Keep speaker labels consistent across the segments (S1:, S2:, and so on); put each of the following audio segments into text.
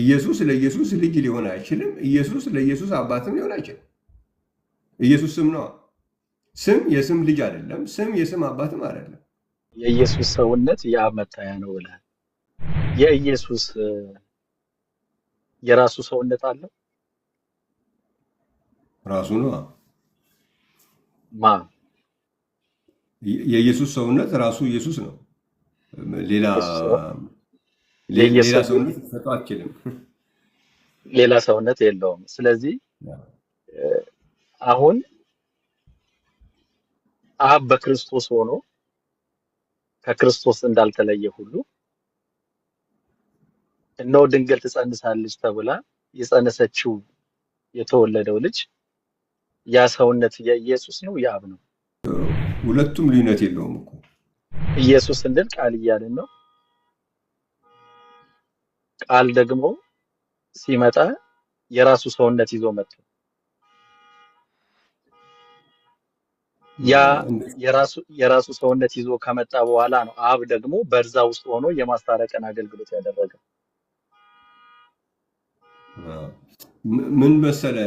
S1: ኢየሱስ ለኢየሱስ ልጅ ሊሆን አይችልም። ኢየሱስ ለኢየሱስ አባትም ሊሆን አይችልም። ኢየሱስ ስም ነው። ስም የስም ልጅ አይደለም። ስም የስም አባትም አይደለም።
S2: የኢየሱስ ሰውነት የአብ መታያ ነው ብለሃል። የኢየሱስ የራሱ ሰውነት አለው። ራሱ ነው። ማ
S1: የኢየሱስ ሰውነት ራሱ ኢየሱስ ነው። ሌላ
S2: ሌላ ሰውነት የለውም። ስለዚህ አሁን አብ በክርስቶስ ሆኖ ከክርስቶስ እንዳልተለየ ሁሉ እነሆ ድንግል ትጸንሳለች ተብላ የጸነሰችው የተወለደው ልጅ ያ ሰውነት የኢየሱስ ነው የአብ ነው።
S1: ሁለቱም ልዩነት የለውም እኮ
S2: ኢየሱስ እንድን ቃል እያልን ነው። ቃል ደግሞ ሲመጣ የራሱ ሰውነት ይዞ መጣ። ያ የራሱ የራሱ ሰውነት ይዞ ከመጣ በኋላ ነው አብ ደግሞ በርዛ ውስጥ ሆኖ የማስታረቅን አገልግሎት ያደረገው።
S1: ምን መሰለ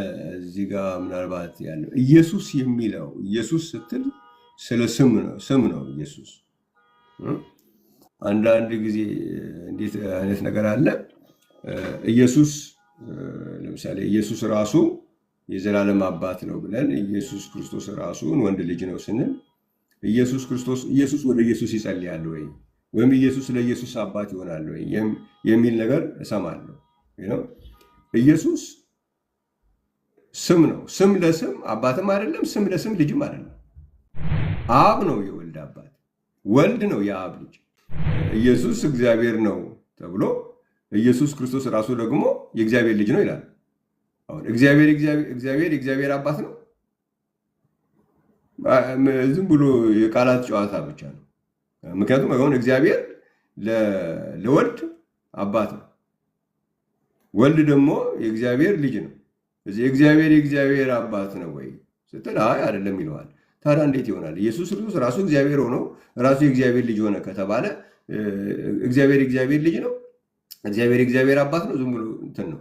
S1: እዚህ ጋር ምናልባት ያለው ኢየሱስ የሚለው ኢየሱስ ስትል ስለ ስም ነው ስም ነው ኢየሱስ አንዳንድ ጊዜ እንዴት አይነት ነገር አለ። ኢየሱስ ለምሳሌ ኢየሱስ ራሱ የዘላለም አባት ነው ብለን ኢየሱስ ክርስቶስ ራሱን ወንድ ልጅ ነው ስንል ኢየሱስ ክርስቶስ ኢየሱስ ወደ ኢየሱስ ይጸልያል ወይ ወይም ኢየሱስ ለኢየሱስ አባት ይሆናል ወይ የሚል ነገር እሰማለሁ። ኢየሱስ ስም ነው። ስም ለስም አባትም አይደለም፣ ስም ለስም ልጅም አይደለም። አብ ነው የወልድ አባት፣ ወልድ ነው የአብ ልጅ ኢየሱስ እግዚአብሔር ነው ተብሎ ኢየሱስ ክርስቶስ ራሱ ደግሞ የእግዚአብሔር ልጅ ነው ይላል። አሁን እግዚአብሔር እግዚአብሔር የእግዚአብሔር አባት ነው? ዝም ብሎ የቃላት ጨዋታ ብቻ ነው። ምክንያቱም አሁን እግዚአብሔር ለወልድ አባት ነው፣ ወልድ ደግሞ የእግዚአብሔር ልጅ ነው። እዚህ እግዚአብሔር የእግዚአብሔር አባት ነው ወይ ስትል አይ አይደለም ይለዋል። ታዲያ እንዴት ይሆናል? ኢየሱስ ክርስቶስ ራሱ እግዚአብሔር ሆኖ ራሱ የእግዚአብሔር ልጅ ሆነ ከተባለ እግዚአብሔር እግዚአብሔር ልጅ ነው። እግዚአብሔር እግዚአብሔር አባት ነው። ዝም ብሎ እንትን ነው።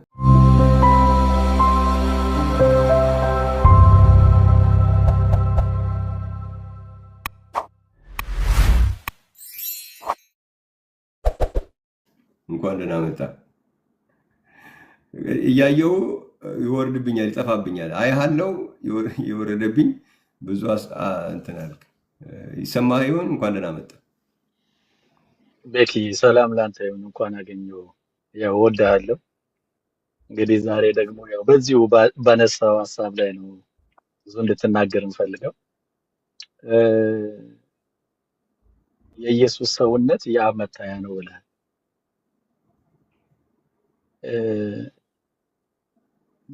S1: እንኳን ደህና መጣ። እያየው ይወርድብኛል፣ ይጠፋብኛል። አይሃለው የወረደብኝ ብዙ እንትን አልክ። ይሰማህ እንኳን ደህና መጣህ
S2: ቤኪ። ሰላም ላንተ ይሁን። እንኳን አገኘሁ። ያው እወድሃለሁ። እንግዲህ ዛሬ ደግሞ ያው በዚሁ በነሳው ሀሳብ ላይ ነው ብዙ እንድትናገር እንፈልገው የኢየሱስ ሰውነት የአብ መታያ ነው ብለሃል።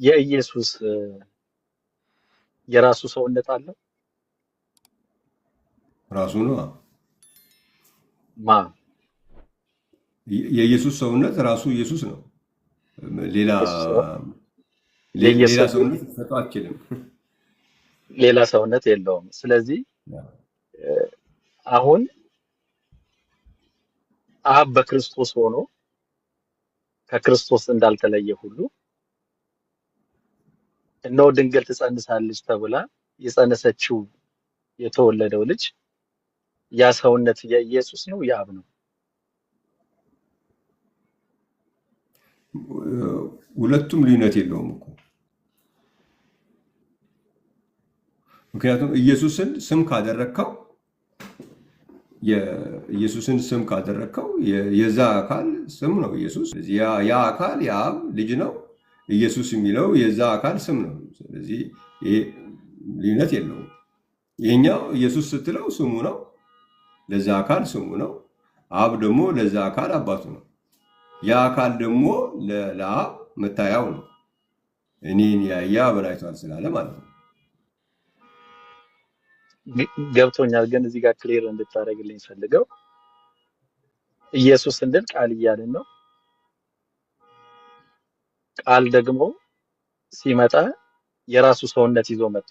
S2: የኢየሱስ የራሱ ሰውነት አለው። ራሱ ነው ማ
S1: የኢየሱስ ሰውነት ራሱ ኢየሱስ ነው። ሌላ ሰውነት ሰጠ አችልም
S2: ሌላ ሰውነት የለውም። ስለዚህ አሁን አብ በክርስቶስ ሆኖ ከክርስቶስ እንዳልተለየ ሁሉ እነሆ ድንግል ትጸንሳለች ተብላ የጸነሰችው የተወለደው ልጅ ያ ሰውነት የኢየሱስ ነው የአብ ነው?
S1: ሁለቱም ልዩነት የለውም እኮ ምክንያቱም ኢየሱስን ስም ካደረግከው የኢየሱስን ስም ካደረግከው የዛ አካል ስም ነው ኢየሱስ። ያ አካል የአብ ልጅ ነው። ኢየሱስ የሚለው የዛ አካል ስም ነው። ስለዚህ ይሄ ልዩነት የለውም። ይህኛው ኢየሱስ ስትለው ስሙ ነው፣ ለዛ አካል ስሙ ነው። አብ ደግሞ ለዛ አካል አባቱ ነው። ያ አካል ደግሞ ለአብ መታያው ነው። እኔን ያየ አብን አይቷል ስላለ ማለት ነው።
S2: ገብቶኛል። ግን እዚህ ጋር ክሌር እንድታደርግልኝ ፈልገው ኢየሱስ እንድል ቃል እያልን ነው ቃል ደግሞ ሲመጣ የራሱ ሰውነት ይዞ መጣ።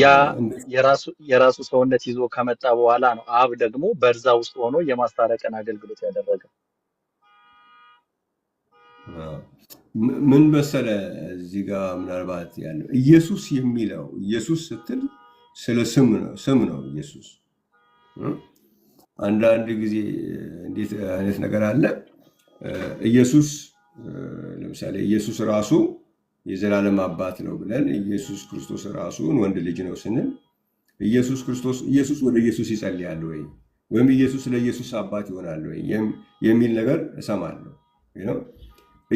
S2: ያ የራሱ የራሱ ሰውነት ይዞ ከመጣ በኋላ ነው አብ ደግሞ በርዛ ውስጥ ሆኖ የማስታረቅን አገልግሎት ያደረገው።
S1: ምን መሰለ እዚህ ጋር ምናልባት ያለው ኢየሱስ የሚለው ኢየሱስ ስትል ስለ ስም ነው። ስም ነው ኢየሱስ አንዳንድ ጊዜ እንዴት አይነት ነገር አለ። ኢየሱስ ለምሳሌ ኢየሱስ ራሱ የዘላለም አባት ነው ብለን ኢየሱስ ክርስቶስ ራሱን ወንድ ልጅ ነው ስንል ኢየሱስ ክርስቶስ ኢየሱስ ወደ ኢየሱስ ይጸልያል ወይ ወይም ኢየሱስ ለኢየሱስ አባት ይሆናል ወይ የሚል ነገር እሰማለሁ።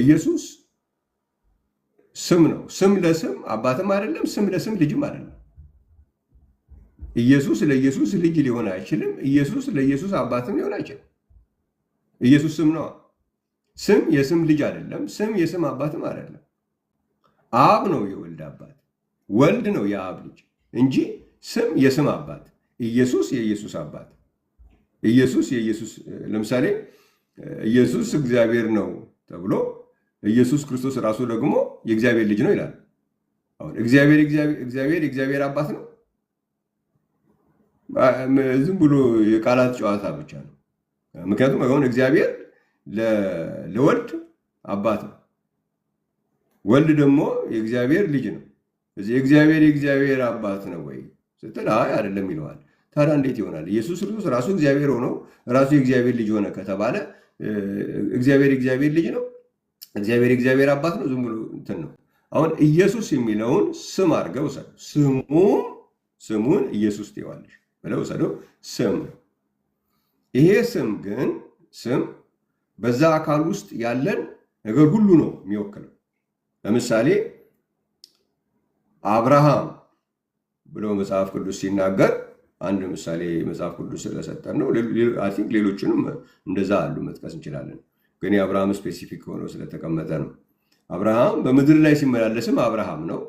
S1: ኢየሱስ ስም ነው። ስም ለስም አባትም አይደለም፣ ስም ለስም ልጅም አይደለም። ኢየሱስ ለኢየሱስ ልጅ ሊሆን አይችልም። ኢየሱስ ለኢየሱስ አባትም ሊሆን አይችልም። ኢየሱስ ስም ነው። ስም የስም ልጅ አይደለም። ስም የስም አባትም አይደለም። አብ ነው የወልድ አባት፣ ወልድ ነው የአብ ልጅ እንጂ ስም የስም አባት፣ ኢየሱስ የኢየሱስ አባት፣ ኢየሱስ የኢየሱስ ለምሳሌ ኢየሱስ እግዚአብሔር ነው ተብሎ ኢየሱስ ክርስቶስ ራሱ ደግሞ የእግዚአብሔር ልጅ ነው ይላል። አሁን እግዚአብሔር እግዚአብሔር የእግዚአብሔር አባት ነው ዝም ብሎ የቃላት ጨዋታ ብቻ ነው። ምክንያቱም አሁን እግዚአብሔር ለወልድ አባት ነው፣ ወልድ ደግሞ የእግዚአብሔር ልጅ ነው። እዚህ እግዚአብሔር የእግዚአብሔር አባት ነው ወይ ስትል አይ አይደለም ይለዋል። ታዲያ እንዴት ይሆናል? ኢየሱስ ክርስቶስ ራሱ እግዚአብሔር ሆኖ ራሱ የእግዚአብሔር ልጅ ሆነ ከተባለ እግዚአብሔር የእግዚአብሔር ልጅ ነው፣ እግዚአብሔር የእግዚአብሔር አባት ነው። ዝም ብሎ እንትን ነው። አሁን ኢየሱስ የሚለውን ስም አድርገው ስሙ ስሙን ኢየሱስ ትይዋለሽ ብለው ስም ይሄ ስም ግን ስም በዛ አካል ውስጥ ያለን ነገር ሁሉ ነው የሚወክለው። ለምሳሌ አብርሃም ብሎ መጽሐፍ ቅዱስ ሲናገር አንድ ምሳሌ መጽሐፍ ቅዱስ ስለሰጠን ነው። ቲንክ ሌሎችንም እንደዛ አሉ መጥቀስ እንችላለን፣ ግን የአብርሃም ስፔሲፊክ ሆኖ ስለተቀመጠ ነው። አብርሃም በምድር ላይ ሲመላለስም አብርሃም ነው።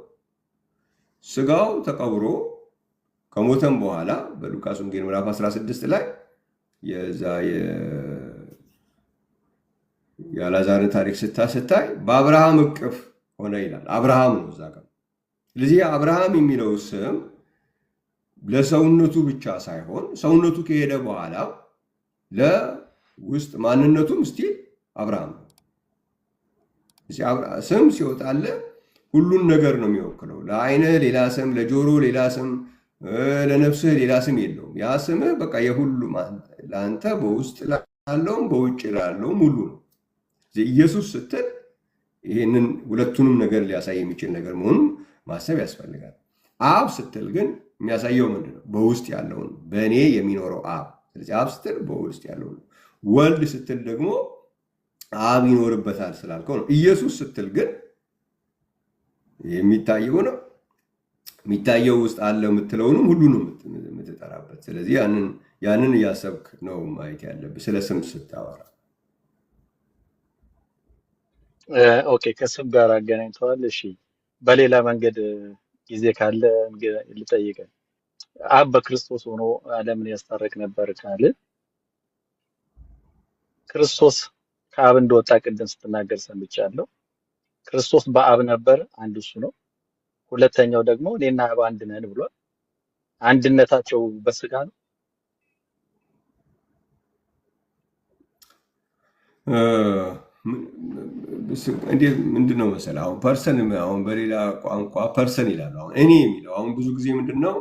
S1: ስጋው ተቀብሮ ከሞተም በኋላ በሉቃስ ወንጌል ምዕራፍ 16 ላይ የዛ የአላዛርን ታሪክ ስታይ በአብርሃም እቅፍ ሆነ ይላል። አብርሃም ነው እዛ ጋር። ስለዚህ አብርሃም የሚለው ስም ለሰውነቱ ብቻ ሳይሆን ሰውነቱ ከሄደ በኋላ ለውስጥ ማንነቱም ስቲል አብርሃም ነው። ስም ሲወጣለ ሁሉን ነገር ነው የሚወክለው። ለአይነ ሌላ ስም፣ ለጆሮ ሌላ ስም ለነፍስህ ሌላ ስም የለውም። ያ ስምህ በቃ የሁሉም ለአንተ በውስጥ ላለውም በውጭ ላለውም ሁሉ ነው። ኢየሱስ ስትል ይህንን ሁለቱንም ነገር ሊያሳይ የሚችል ነገር መሆኑን ማሰብ ያስፈልጋል። አብ ስትል ግን የሚያሳየው ምንድን ነው? በውስጥ ያለውን በእኔ የሚኖረው አብ። ስለዚህ አብ ስትል በውስጥ ያለው ወልድ ስትል ደግሞ አብ ይኖርበታል ስላልከው ነው። ኢየሱስ ስትል ግን የሚታየው ነው የሚታየው ውስጥ አለ የምትለውንም ሁሉንም የምትጠራበት። ስለዚህ ያንን እያሰብክ ነው ማየት ያለብህ ስለ ስም ስታወራ።
S2: ኦኬ፣ ከስም ጋር አገናኝተዋል። እሺ፣ በሌላ መንገድ ጊዜ ካለ ልጠይቀ አብ በክርስቶስ ሆኖ አለምን ያስታረቅ ነበር ካለ ክርስቶስ ከአብ እንደወጣ ቅድም ስትናገር ሰምቻለሁ። ክርስቶስ በአብ ነበር፣ አንድ እሱ ነው። ሁለተኛው ደግሞ እኔና አብ አንድ ነን ብሏል። አንድነታቸው በስጋ ነው።
S1: እንዴት ምንድን ነው መሰለህ፣ አሁን ፐርሰን አሁን በሌላ ቋንቋ ፐርሰን ይላሉ። አሁን እኔ የሚለው አሁን ብዙ ጊዜ ምንድን ነው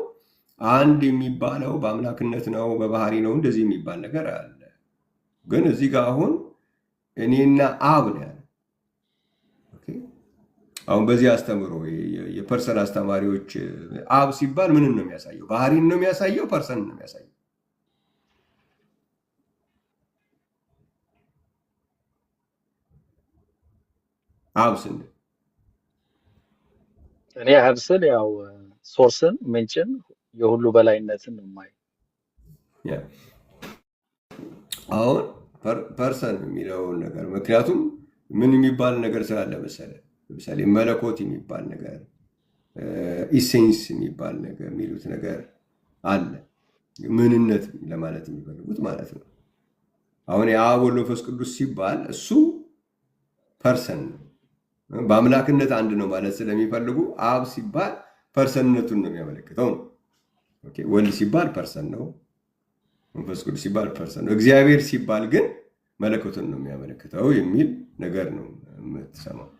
S1: አንድ የሚባለው በአምላክነት ነው በባህሪ ነው እንደዚህ የሚባል ነገር አለ። ግን እዚህ ጋር አሁን እኔና አብ ነው ያለ። አሁን በዚህ አስተምሮ የፐርሰን አስተማሪዎች አብ ሲባል ምንን ነው የሚያሳየው? ባህሪን ነው የሚያሳየው? ፐርሰን ነው የሚያሳየው? አብ ስንል
S2: እኔ አብ ስል ያው ሶርስን ምንጭን የሁሉ በላይነትን ነው
S1: አሁን ፐርሰን የሚለውን ነገር ምክንያቱም ምን የሚባል ነገር ስላለ መሰለ ለምሳሌ መለኮት የሚባል ነገር ኢሴንስ የሚባል ነገር የሚሉት ነገር አለ። ምንነት ለማለት የሚፈልጉት ማለት ነው። አሁን የአብ ወልድ መንፈስ ቅዱስ ሲባል እሱ ፐርሰን ነው። በአምላክነት አንድ ነው ማለት ስለሚፈልጉ አብ ሲባል ፐርሰንነቱን ነው የሚያመለክተው ነው። ወልድ ሲባል ፐርሰን ነው። መንፈስ ቅዱስ ሲባል ፐርሰን ነው። እግዚአብሔር ሲባል ግን መለኮትን ነው የሚያመለክተው የሚል ነገር ነው የምትሰማው።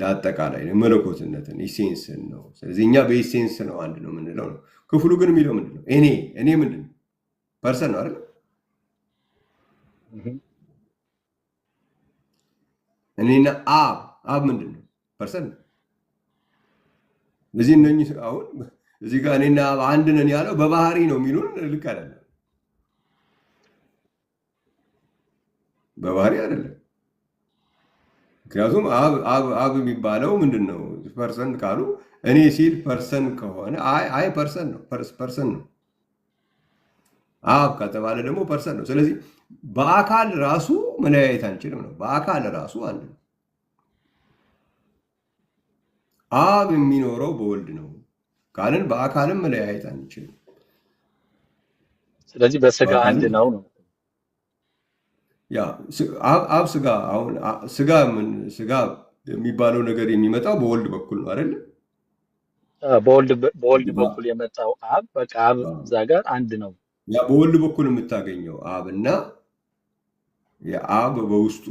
S1: ለአጠቃላይ መለኮትነትን ኢሴንስን ነው። ስለዚህ እኛ በኢሴንስ ነው አንድ ነው የምንለው ነው። ክፍሉ ግን የሚለው ምንድን ነው? እኔ እኔ ምንድን ነው? ፐርሰን ነው አይደል? እኔና አብ አብ ምንድን ነው? ፐርሰን ነው። እዚህ እነኚህ አሁን እዚህ ጋር እኔና አብ አንድ ነን ያለው በባህሪ ነው የሚሉን ልክ አይደለም። በባህሪ አይደለም ምክንያቱም አብ የሚባለው ምንድን ነው? ፐርሰን ካሉ እኔ ሲል ፐርሰን ከሆነ አይ ፐርሰን ነው ፐርሰን ነው። አብ ከተባለ ደግሞ ፐርሰን ነው። ስለዚህ በአካል ራሱ መለያየት አንችልም ነው። በአካል ራሱ አንድ ነው። አብ የሚኖረው በወልድ ነው ካልን በአካልም መለያየት አንችልም።
S2: ስለዚህ በስጋ አንድ ነው ነው
S1: አብ ስጋ አሁን ስጋ ምን ስጋ የሚባለው ነገር የሚመጣው በወልድ በኩል ነው አይደለ?
S2: በወልድ በኩል የመጣው አብ በቃ አብ እዛ ጋር አንድ ነው።
S1: በወልድ በኩል የምታገኘው አብ እና የአብ በውስጡ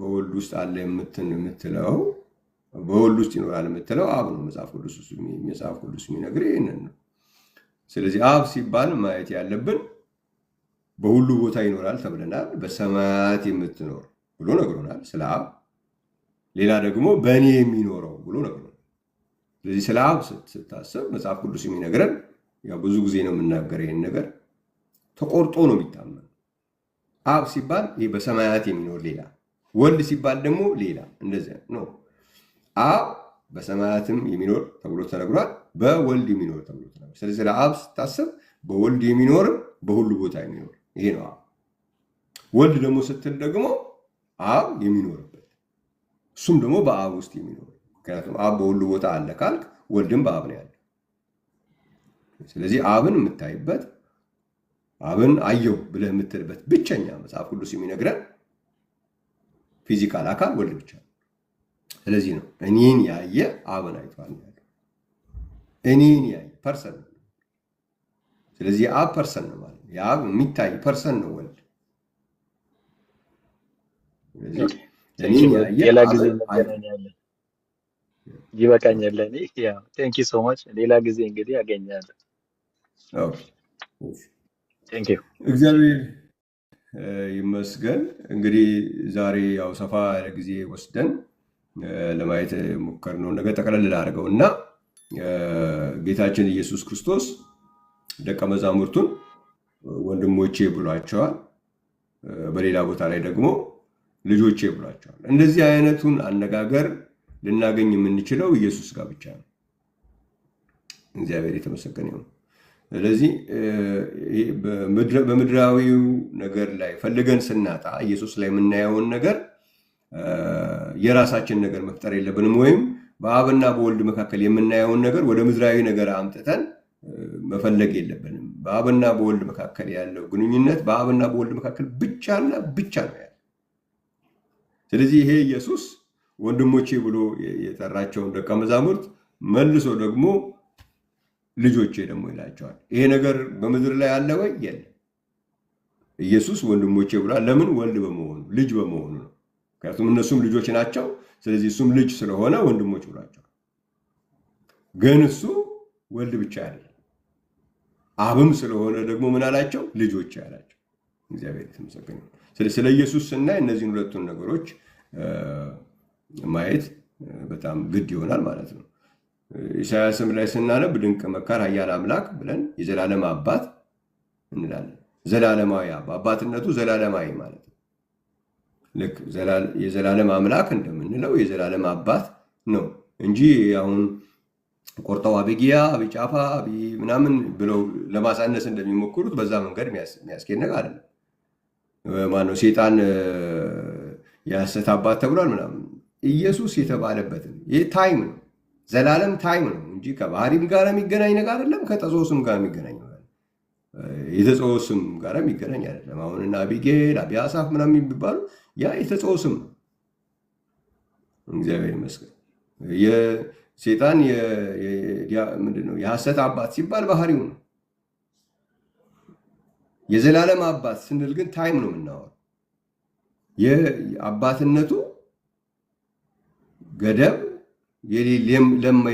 S1: በወልድ ውስጥ አለ የምትለው በወልድ ውስጥ ይኖራል የምትለው አብ ነው። መጽሐፍ ቅዱስ መጽሐፍ ቅዱስ የሚነግር ይህንን ነው። ስለዚህ አብ ሲባል ማየት ያለብን በሁሉ ቦታ ይኖራል ተብለናል። በሰማያት የምትኖር ብሎ ነግሮናል ስለ አብ። ሌላ ደግሞ በእኔ የሚኖረው ብሎ ነግሮናል። ስለዚህ ስለ አብ ስታስብ መጽሐፍ ቅዱስ የሚነግረን ያው ብዙ ጊዜ ነው የምናገር ይህን ነገር ተቆርጦ ነው የሚታመን። አብ ሲባል ይህ በሰማያት የሚኖር ሌላ፣ ወልድ ሲባል ደግሞ ሌላ። እንደዚያ ነው። አብ በሰማያትም የሚኖር ተብሎ ተነግሯል፣ በወልድ የሚኖር ተብሎ ተነግሯል። ስለዚህ ለአብ ስታስብ በወልድ የሚኖርም በሁሉ ቦታ የሚኖር ይሄ ነው። ወልድ ደግሞ ስትል ደግሞ አብ የሚኖርበት እሱም ደግሞ በአብ ውስጥ የሚኖር ምክንያቱም አብ በሁሉ ቦታ አለ ካልክ ወልድም በአብ ነው ያለ። ስለዚህ አብን የምታይበት አብን አየው ብለህ የምትልበት ብቸኛ መጽሐፍ ቅዱስ የሚነግረን ፊዚካል አካል ወልድ ብቻ ነው። ስለዚህ ነው እኔን ያየ አብን አይቷል ያለ እኔን ያየ ፐርሰን። ስለዚህ አብ ፐርሰን ነው ማለት የአብ የሚታይ ፐርሰን ነው ወልድ።
S2: ሌላ ጊዜ ይበቃኛል። እኔ ቴንኪ ሶ ማች። ሌላ ጊዜ እንግዲህ
S1: እግዚአብሔር ይመስገን። እንግዲህ ዛሬ ያው ሰፋ ያለ ጊዜ ወስደን ለማየት ነገር ጠቅለል እና ጌታችን ኢየሱስ ክርስቶስ ደቀ መዛሙርቱን ወንድሞቼ ብሏቸዋል። በሌላ ቦታ ላይ ደግሞ ልጆቼ ብሏቸዋል። እንደዚህ አይነቱን አነጋገር ልናገኝ የምንችለው ኢየሱስ ጋር ብቻ ነው። እግዚአብሔር የተመሰገነ ይሁን። ስለዚህ በምድራዊው ነገር ላይ ፈልገን ስናጣ ኢየሱስ ላይ የምናየውን ነገር የራሳችን ነገር መፍጠር የለብንም። ወይም በአብና በወልድ መካከል የምናየውን ነገር ወደ ምድራዊ ነገር አምጥተን መፈለግ የለብንም። በአብና በወልድ መካከል ያለው ግንኙነት በአብና በወልድ መካከል ብቻና ብቻ ነው ያለ። ስለዚህ ይሄ ኢየሱስ ወንድሞቼ ብሎ የጠራቸውን ደቀ መዛሙርት መልሶ ደግሞ ልጆቼ ደግሞ ይላቸዋል። ይሄ ነገር በምድር ላይ አለ ወይ? የለም። ኢየሱስ ወንድሞቼ ብሏል። ለምን? ወልድ በመሆኑ ልጅ በመሆኑ ነው። ምክንያቱም እነሱም ልጆች ናቸው። ስለዚህ እሱም ልጅ ስለሆነ ወንድሞች ብሏቸዋል። ግን እሱ ወልድ ብቻ ያለ አብም ስለሆነ ደግሞ ምን አላቸው? ልጆች አላቸው። እግዚአብሔር የተመሰገነ። ስለ ኢየሱስ ስናይ እነዚህን ሁለቱን ነገሮች ማየት በጣም ግድ ይሆናል ማለት ነው። ኢሳያስም ላይ ስናነብ ድንቅ መካር፣ ኃያል አምላክ ብለን የዘላለም አባት እንላለን። ዘላለማዊ አባትነቱ ዘላለማዊ ማለት ነው። ልክ የዘላለም አምላክ እንደምንለው የዘላለም አባት ነው እንጂ አሁን ቆርጠው አብጊያ አብጫፋ አብይ ምናምን ብለው ለማሳነስ እንደሚሞክሩት በዛ መንገድ የሚያስኬድ ነገር አለ። ማነው ሴጣን የሐሰት አባት ተብሏል ምናምን። ኢየሱስ የተባለበትን ይህ ታይም ነው፣ ዘላለም ታይም ነው እንጂ ከባህሪም ጋር የሚገናኝ ነገር አይደለም። ከጠጾስም ጋር የሚገናኝ የተጸወስም ጋር የሚገናኝ አይደለም። አሁንና አቢጌል አቢያሳፍ ምናምን የሚባሉ ያ የተጸወስም ነው። እግዚአብሔር ይመስገን። ሴጣን ምንድነው? የሐሰት አባት ሲባል ባህሪው ነው። የዘላለም አባት ስንል ግን ታይም ነው የምናወራው። የአባትነቱ ገደብ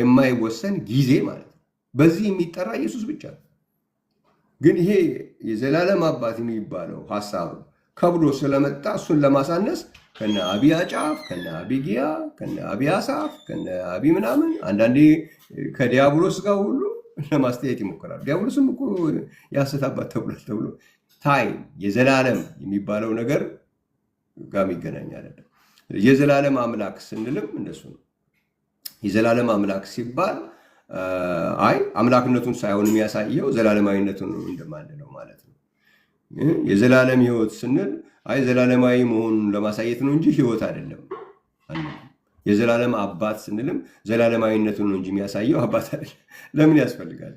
S1: የማይወሰን ጊዜ ማለት ነው። በዚህ የሚጠራ ኢየሱስ ብቻ ነው። ግን ይሄ የዘላለም አባት የሚባለው ሀሳብ ከብዶ ስለመጣ እሱን ለማሳነስ ከነ አቢ አጫፍ ከነ አቢ ጊያ ከነ አቢ አሳፍ ከነ አቢ ምናምን አንዳንዴ ከዲያብሎስ ጋር ሁሉ ለማስተያየት ይሞክራሉ። ዲያብሎስም እኮ ያሰታባት ተብሏል ተብሎ ታይ የዘላለም የሚባለው ነገር ጋም ይገናኛል። የዘላለም አምላክ ስንልም እንደሱ ነው። የዘላለም አምላክ ሲባል አይ አምላክነቱን ሳይሆን የሚያሳየው ዘላለማዊነቱን እንደማንለው ማለት ነው። የዘላለም ሕይወት ስንል አይ ዘላለማዊ መሆኑን ለማሳየት ነው እንጂ ህይወት አይደለም። የዘላለም አባት ስንልም ዘላለማዊነቱን ነው እንጂ የሚያሳየው አባት አይደለም። ለምን ያስፈልጋል?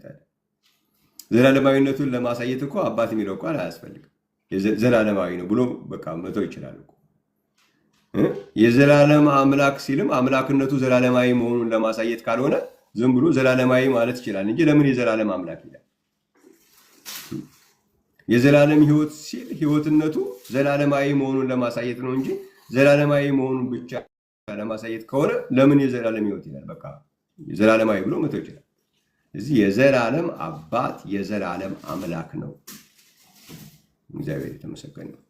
S1: ዘላለማዊነቱን ለማሳየት እኮ አባት የሚለው ቃል አያስፈልግም። ዘላለማዊ ነው ብሎ በቃ መቶ ይችላል የዘላለም አምላክ ሲልም አምላክነቱ ዘላለማዊ መሆኑን ለማሳየት ካልሆነ ዝም ብሎ ዘላለማዊ ማለት ይችላል እንጂ ለምን የዘላለም አምላክ ይላል? የዘላለም ህይወት ሲል ህይወትነቱ ዘላለማዊ መሆኑን ለማሳየት ነው እንጂ ዘላለማዊ መሆኑን ብቻ ለማሳየት ከሆነ ለምን የዘላለም ህይወት ይላል? በቃ ዘላለማዊ ብሎ መተው ይችላል። እዚህ የዘላለም አባት የዘላለም አምላክ ነው። እግዚአብሔር የተመሰገነ ነው።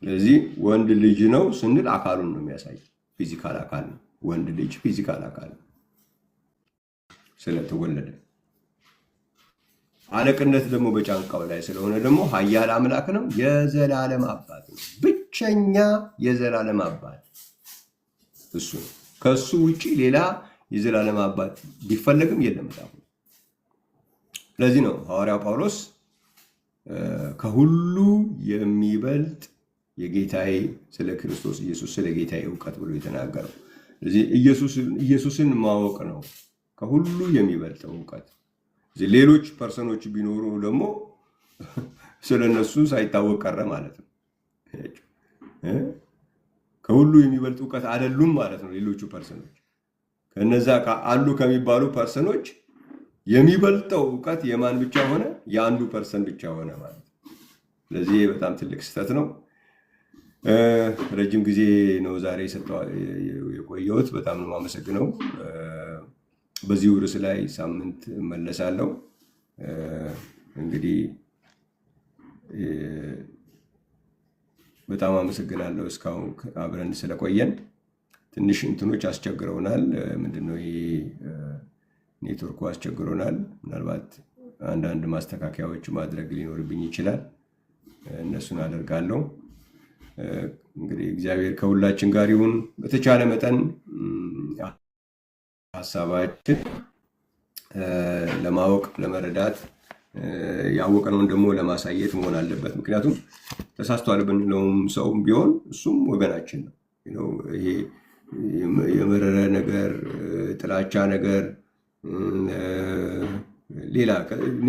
S1: ስለዚህ ወንድ ልጅ ነው ስንል አካሉን ነው የሚያሳይ ፊዚካል አካል ነው። ወንድ ልጅ ፊዚካል አካል ነው ስለተወለደ አለቅነት ደግሞ በጫንቃው ላይ ስለሆነ ደግሞ ኃያል አምላክ ነው። የዘላለም አባት ነው። ብቸኛ የዘላለም አባት እሱ ነው። ከእሱ ውጭ ሌላ የዘላለም አባት ቢፈለግም የለም። ስለዚህ ነው ሐዋርያው ጳውሎስ ከሁሉ የሚበልጥ የጌታዬ ስለ ክርስቶስ ኢየሱስ ስለ ጌታዬ እውቀት ብሎ የተናገረው። ስለዚህ ኢየሱስን ማወቅ ነው ከሁሉ የሚበልጠው እውቀት ሌሎች ፐርሰኖች ቢኖሩ ደግሞ ስለነሱ ሳይታወቅ ቀረ ማለት ነው። ከሁሉ የሚበልጥ እውቀት አይደሉም ማለት ነው። ሌሎቹ ፐርሰኖች ከነዛ አሉ ከሚባሉ ፐርሰኖች የሚበልጠው እውቀት የማን ብቻ ሆነ? የአንዱ ፐርሰን ብቻ ሆነ ማለት ነው። ስለዚህ በጣም ትልቅ ስህተት ነው። ረጅም ጊዜ ነው ዛሬ የቆየሁት። በጣም ነው የማመሰግነው። በዚሁ ርዕስ ላይ ሳምንት መለሳለሁ። እንግዲህ በጣም አመሰግናለሁ እስካሁን አብረን ስለቆየን። ትንሽ እንትኖች አስቸግረውናል። ምንድነው ይሄ ኔትወርኩ አስቸግሮናል። ምናልባት አንዳንድ ማስተካከያዎች ማድረግ ሊኖርብኝ ይችላል። እነሱን አደርጋለሁ። እንግዲህ እግዚአብሔር ከሁላችን ጋር ይሁን። በተቻለ መጠን ሀሳባችን ለማወቅ ለመረዳት ያወቀነውን ደግሞ ለማሳየት መሆን አለበት። ምክንያቱም ተሳስቷል ብንለውም ሰውም ቢሆን እሱም ወገናችን ነው። ይሄ የመረረ ነገር፣ ጥላቻ ነገር፣ ሌላ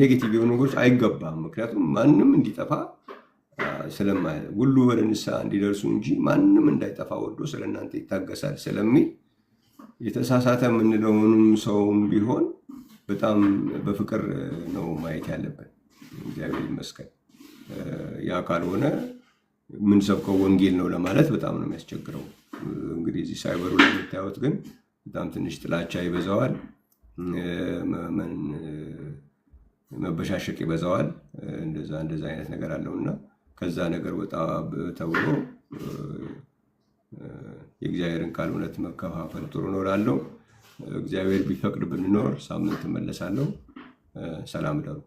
S1: ኔጌቲቭ የሆኑ ነገሮች አይገባም። ምክንያቱም ማንም እንዲጠፋ ስለማ ሁሉ ወደ ንስሐ እንዲደርሱ እንጂ ማንም እንዳይጠፋ ወዶ ስለእናንተ ይታገሳል ስለሚል የተሳሳተ የምንለውንም ሰውም ቢሆን በጣም በፍቅር ነው ማየት ያለብን። እግዚአብሔር ይመስገን። ያ ካልሆነ የምንሰብከው ወንጌል ነው ለማለት በጣም ነው የሚያስቸግረው። እንግዲህ እዚህ ሳይበሩ ላይ የምታዩት ግን በጣም ትንሽ ጥላቻ ይበዛዋል፣ መበሻሸቅ ይበዛዋል። እንደዛ እንደዛ አይነት ነገር አለው እና ከዛ ነገር ወጣ ተብሎ የእግዚአብሔርን ቃል እውነት መከፋፈል ጥሩ እኖራለሁ። እግዚአብሔር ቢፈቅድ ብንኖር ሳምንት እመለሳለሁ። ሰላም ደሩ።